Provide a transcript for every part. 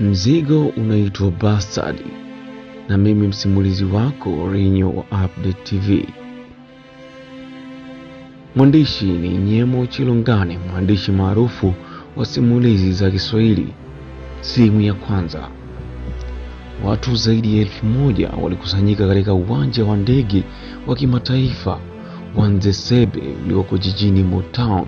Mzigo unaitwa Bastard, na mimi msimulizi wako Renyo wa Update TV. Mwandishi ni Nyemo Chilongane, mwandishi maarufu wa simulizi za Kiswahili. Sehemu ya kwanza. Watu zaidi ya elfu moja walikusanyika katika uwanja wa ndege wa kimataifa wa Nzesebe ulioko jijini Motown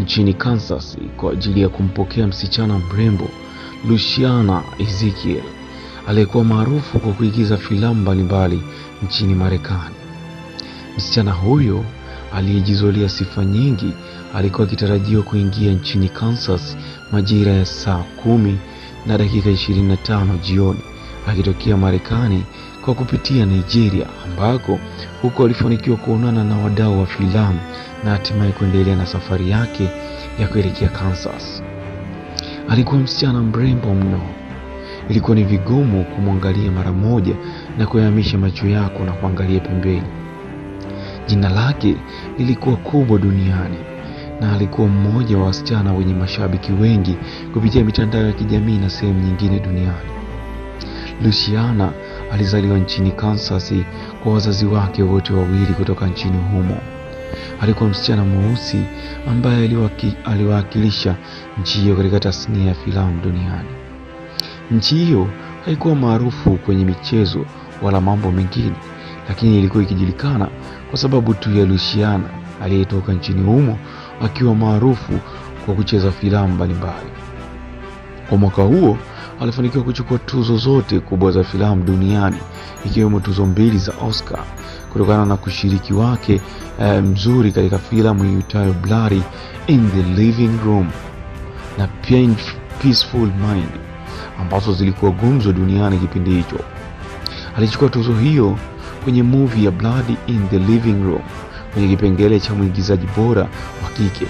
nchini Kansas kwa ajili ya kumpokea msichana mrembo Luciana Ezekiel aliyekuwa maarufu kwa kuigiza filamu mbalimbali nchini Marekani. Msichana huyo aliyejizolia sifa nyingi alikuwa akitarajiwa kuingia nchini Kansas majira ya saa kumi na dakika 25 jioni akitokea Marekani kwa kupitia Nigeria, ambako huko alifanikiwa kuonana na wadau wa filamu na hatimaye kuendelea na safari yake ya kuelekea Kansas. Alikuwa msichana mrembo mno. Ilikuwa ni vigumu kumwangalia mara moja na kuyahamisha macho yako na kuangalia pembeni. Jina lake lilikuwa kubwa duniani na alikuwa mmoja wa wasichana wenye mashabiki wengi kupitia mitandao ya kijamii na sehemu nyingine duniani. Luciana alizaliwa nchini Kansas kwa wazazi wake wote wawili kutoka nchini humo alikuwa msichana mweusi ambaye aliwakilisha nchi hiyo katika tasnia ya filamu duniani. Nchi hiyo haikuwa maarufu kwenye michezo wala mambo mengine, lakini ilikuwa ikijulikana kwa sababu tu ya Luciana aliyetoka nchini humo akiwa maarufu kwa kucheza filamu mbalimbali. Kwa mwaka huo alifanikiwa kuchukua tuzo zote kubwa za filamu duniani ikiwemo tuzo mbili za Oscar kutokana na kushiriki wake eh, mzuri katika filamu iitwayo Bloody in the Living Room na Peaceful Mind ambazo zilikuwa gumzo duniani kipindi hicho. Alichukua tuzo hiyo kwenye movie ya Bloody in the Living Room kwenye kipengele cha mwigizaji bora wa kike,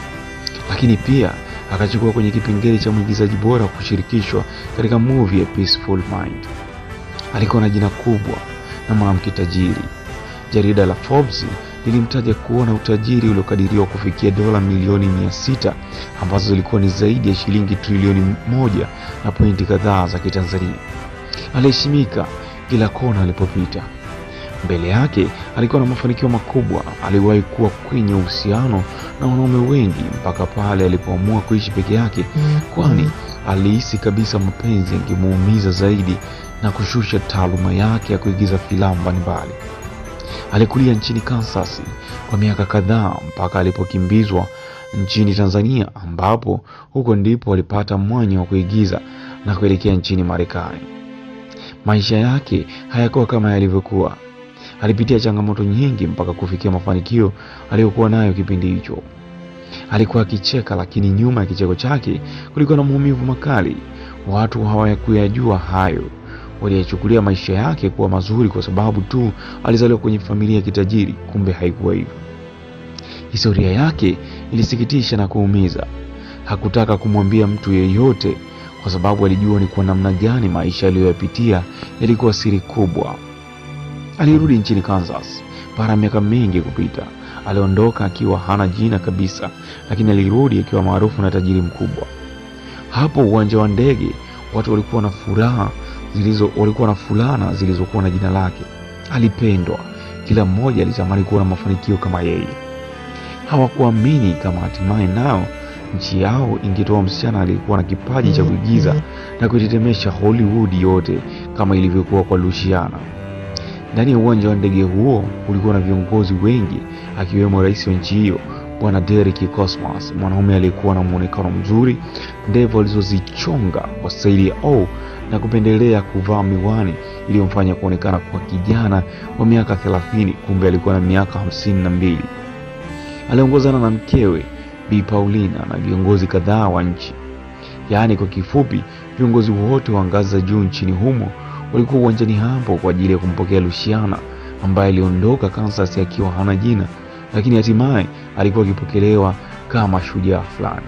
lakini pia akachukua kwenye kipengele cha mwigizaji bora kushirikishwa katika movie ya Peaceful Mind. Alikuwa na jina kubwa na mwanamke tajiri. Jarida la Forbes lilimtaja kuwa na utajiri uliokadiriwa kufikia dola milioni mia sita ambazo zilikuwa ni zaidi ya shilingi trilioni moja na pointi kadhaa za Kitanzania. Aliheshimika kila kona alipopita. Mbele yake alikuwa na mafanikio makubwa. Aliwahi kuwa kwenye uhusiano na wanaume wengi mpaka pale alipoamua kuishi peke yake, kwani alihisi kabisa mapenzi yangemuumiza zaidi na kushusha taaluma yake ya kuigiza filamu mbalimbali. Alikulia nchini Kansas kwa miaka kadhaa mpaka alipokimbizwa nchini Tanzania ambapo huko ndipo alipata mwanya wa kuigiza na kuelekea nchini Marekani. Maisha yake hayakuwa kama yalivyokuwa alipitia changamoto nyingi mpaka kufikia mafanikio aliyokuwa nayo kipindi hicho. Alikuwa akicheka, lakini nyuma ya kicheko chake kulikuwa na maumivu makali. Watu hawakuyajua hayo, waliyachukulia maisha yake kuwa mazuri kwa sababu tu alizaliwa kwenye familia ya kitajiri. Kumbe haikuwa hivyo. Historia yake ilisikitisha na kuumiza. Hakutaka kumwambia mtu yeyote, kwa sababu alijua ni kwa namna gani maisha aliyoyapitia yalikuwa siri kubwa. Alirudi nchini Kansas baada ya miaka mingi kupita. Aliondoka akiwa hana jina kabisa, lakini alirudi akiwa maarufu na tajiri mkubwa. Hapo uwanja wa ndege watu walikuwa na furaha zilizo, walikuwa na fulana zilizokuwa na jina lake. Alipendwa, kila mmoja alitamani kuwa na mafanikio kama yeye. Hawakuamini kama hatimaye nao nchi yao ingetoa msichana aliyekuwa na kipaji cha kuigiza na kuitetemesha Hollywood yote kama ilivyokuwa kwa Luciana. Ndani ya uwanja wa ndege huo kulikuwa na viongozi wengi akiwemo rais wa nchi hiyo Bwana Derek Cosmas, mwanaume aliyekuwa na mwonekano mzuri, ndevu alizozichonga kwa staili ya o na kupendelea kuvaa miwani iliyomfanya kuonekana kwa kijana wa miaka thelathini, kumbe alikuwa na miaka hamsini na mbili. Aliongozana na mkewe Bi Paulina na viongozi kadhaa wa nchi, yaani kwa kifupi viongozi wote wa ngazi za juu nchini humo walikuwa uwanjani hapo kwa ajili ya kumpokea Luciana ambaye aliondoka Kansas akiwa hana jina, lakini hatimaye alikuwa akipokelewa kama shujaa fulani.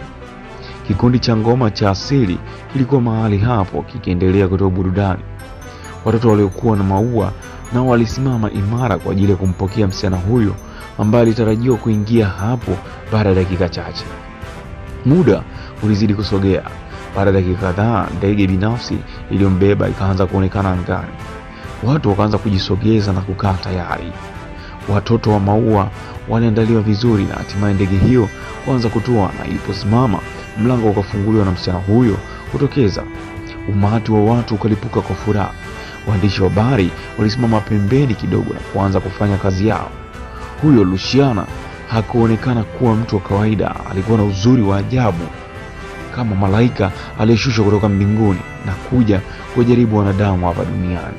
Kikundi cha ngoma cha asili kilikuwa mahali hapo kikiendelea kutoa burudani. Watoto waliokuwa na maua nao walisimama imara kwa ajili ya kumpokea msichana huyo ambaye alitarajiwa kuingia hapo baada ya dakika chache. Muda ulizidi kusogea baada ya dakika kadhaa, ndege binafsi iliyombeba ikaanza kuonekana angani. Watu wakaanza kujisogeza na kukaa tayari. Watoto wa maua waliandaliwa vizuri, na hatimaye ndege hiyo kuanza kutua, na iliposimama, mlango ukafunguliwa na msichana huyo kutokeza. Umati wa watu ukalipuka kwa furaha. Waandishi wa habari walisimama pembeni kidogo na kuanza kufanya kazi yao. Huyo Luciana hakuonekana kuwa mtu wa kawaida, alikuwa na uzuri wa ajabu kama malaika aliyeshushwa kutoka mbinguni na kuja kujaribu wanadamu hapa duniani.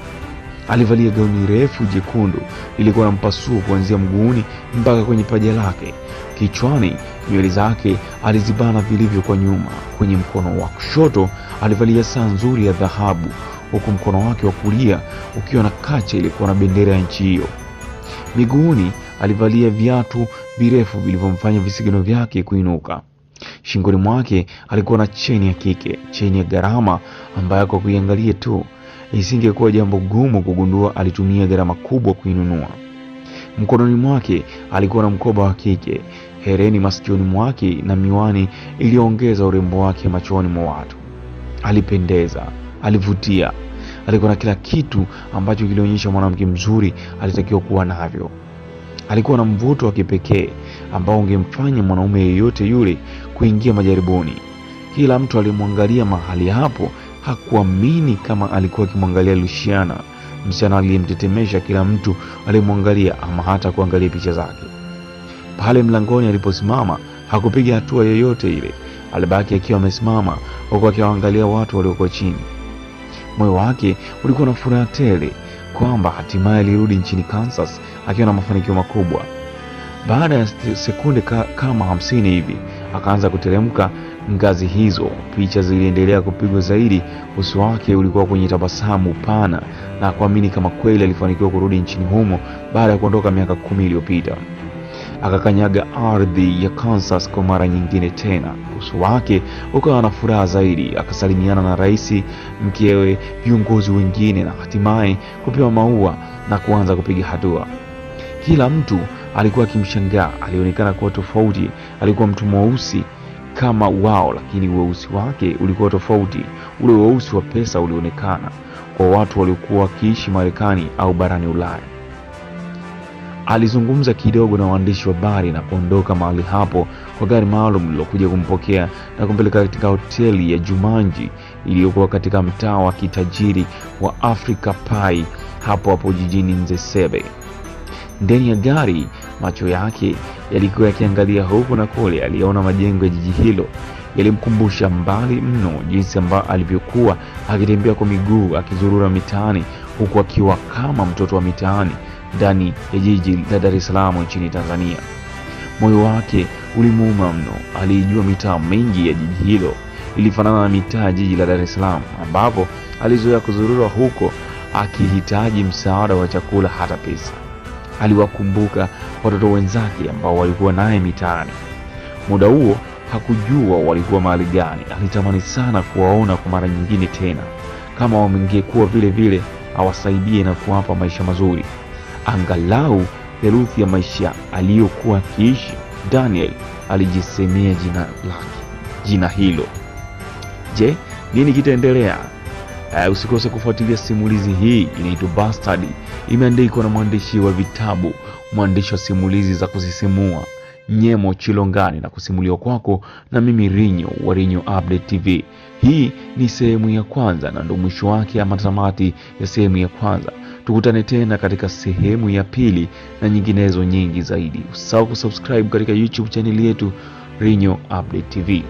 Alivalia gauni refu jekundu lilikuwa na mpasuo kuanzia mguuni mpaka kwenye paja lake. Kichwani nywele zake alizibana vilivyo kwa nyuma. Kwenye mkono wa kushoto alivalia saa nzuri ya dhahabu, huku mkono wake wa kulia ukiwa na kacha iliyokuwa na bendera ya nchi hiyo. Miguuni alivalia viatu virefu vilivyomfanya visigino vyake kuinuka. Shingoni mwake alikuwa na cheni ya kike, cheni ya gharama ambayo kwa kuiangalia tu isingekuwa jambo gumu kugundua alitumia gharama kubwa kuinunua. Mkononi mwake alikuwa na mkoba wa kike, hereni masikioni mwake na miwani iliyoongeza urembo wake machoni mwa watu. Alipendeza, alivutia, alikuwa na kila kitu ambacho kilionyesha mwanamke mzuri alitakiwa kuwa navyo. Alikuwa na mvuto wa kipekee ambao ungemfanya mwanaume yeyote yule kuingia majaribuni. Kila mtu aliyemwangalia mahali hapo hakuamini kama alikuwa akimwangalia Luciana, msichana aliyemtetemesha kila mtu aliyemwangalia ama hata kuangalia picha zake. Pale mlangoni aliposimama hakupiga hatua yoyote ile, alibaki akiwa amesimama, huku akiwaangalia watu waliokuwa chini. Moyo wake ulikuwa na furaha tele kwamba hatimaye alirudi nchini Kansas akiwa na mafanikio makubwa. Baada ya sekunde ka, kama hamsini hivi akaanza kuteremka ngazi hizo. Picha ziliendelea kupigwa zaidi, uso wake ulikuwa kwenye tabasamu pana na kuamini kama kweli alifanikiwa kurudi nchini humo baada ya kuondoka miaka kumi iliyopita akakanyaga ardhi ya Kansas kwa mara nyingine tena. Uso wake ukawa na furaha zaidi, akasalimiana na rais, mkewe, viongozi wengine na hatimaye kupewa maua na kuanza kupiga hatua. Kila mtu alikuwa akimshangaa. Alionekana kuwa tofauti. Alikuwa mtu mweusi kama wao, lakini weusi wake ulikuwa tofauti. Ule weusi wa pesa ulionekana kwa watu waliokuwa wakiishi Marekani au barani Ulaya. Alizungumza kidogo na waandishi wa habari na kuondoka mahali hapo kwa gari maalum lilokuja kumpokea na kumpeleka katika hoteli ya Jumanji iliyokuwa katika mtaa wa kitajiri wa Africa Pai hapo hapo jijini Nzesebe. Ndani ya gari, macho yake yalikuwa yakiangalia huku na kule. Aliona majengo ya jiji hilo yalimkumbusha mbali mno jinsi ambavyo alivyokuwa akitembea kwa miguu akizurura mitaani, huku akiwa kama mtoto wa mitaani ndani ya jiji la Dar es Salaam nchini Tanzania. Moyo wake ulimuuma mno, aliijua mitaa mingi ya jiji hilo, ilifanana na mitaa ya jiji la Dar es Salaam, ambapo alizoea kuzurura huko akihitaji msaada wa chakula, hata pesa. Aliwakumbuka watoto wenzake ambao walikuwa naye mitaani. Muda huo hakujua walikuwa mahali gani. Alitamani sana kuwaona kwa mara nyingine tena, kama wamengekuwa vile vile awasaidie na kuwapa maisha mazuri angalau theluthi ya maisha aliyokuwa akiishi. Daniel alijisemea jina lake, jina hilo. Je, nini kitaendelea? Uh, usikose kufuatilia simulizi hii inaitwa Bastard, imeandikwa na mwandishi wa vitabu, mwandishi wa simulizi za kusisimua Nyemo Chilongani na kusimuliwa kwako na mimi Rinyo wa Rinyo Update TV. Hii ni sehemu ya kwanza na ndo mwisho wake ama tamati ya sehemu ya kwanza. Tukutane tena katika sehemu ya pili na nyinginezo nyingi zaidi. Usahau kusubscribe katika YouTube chaneli yetu Rinyo Update TV.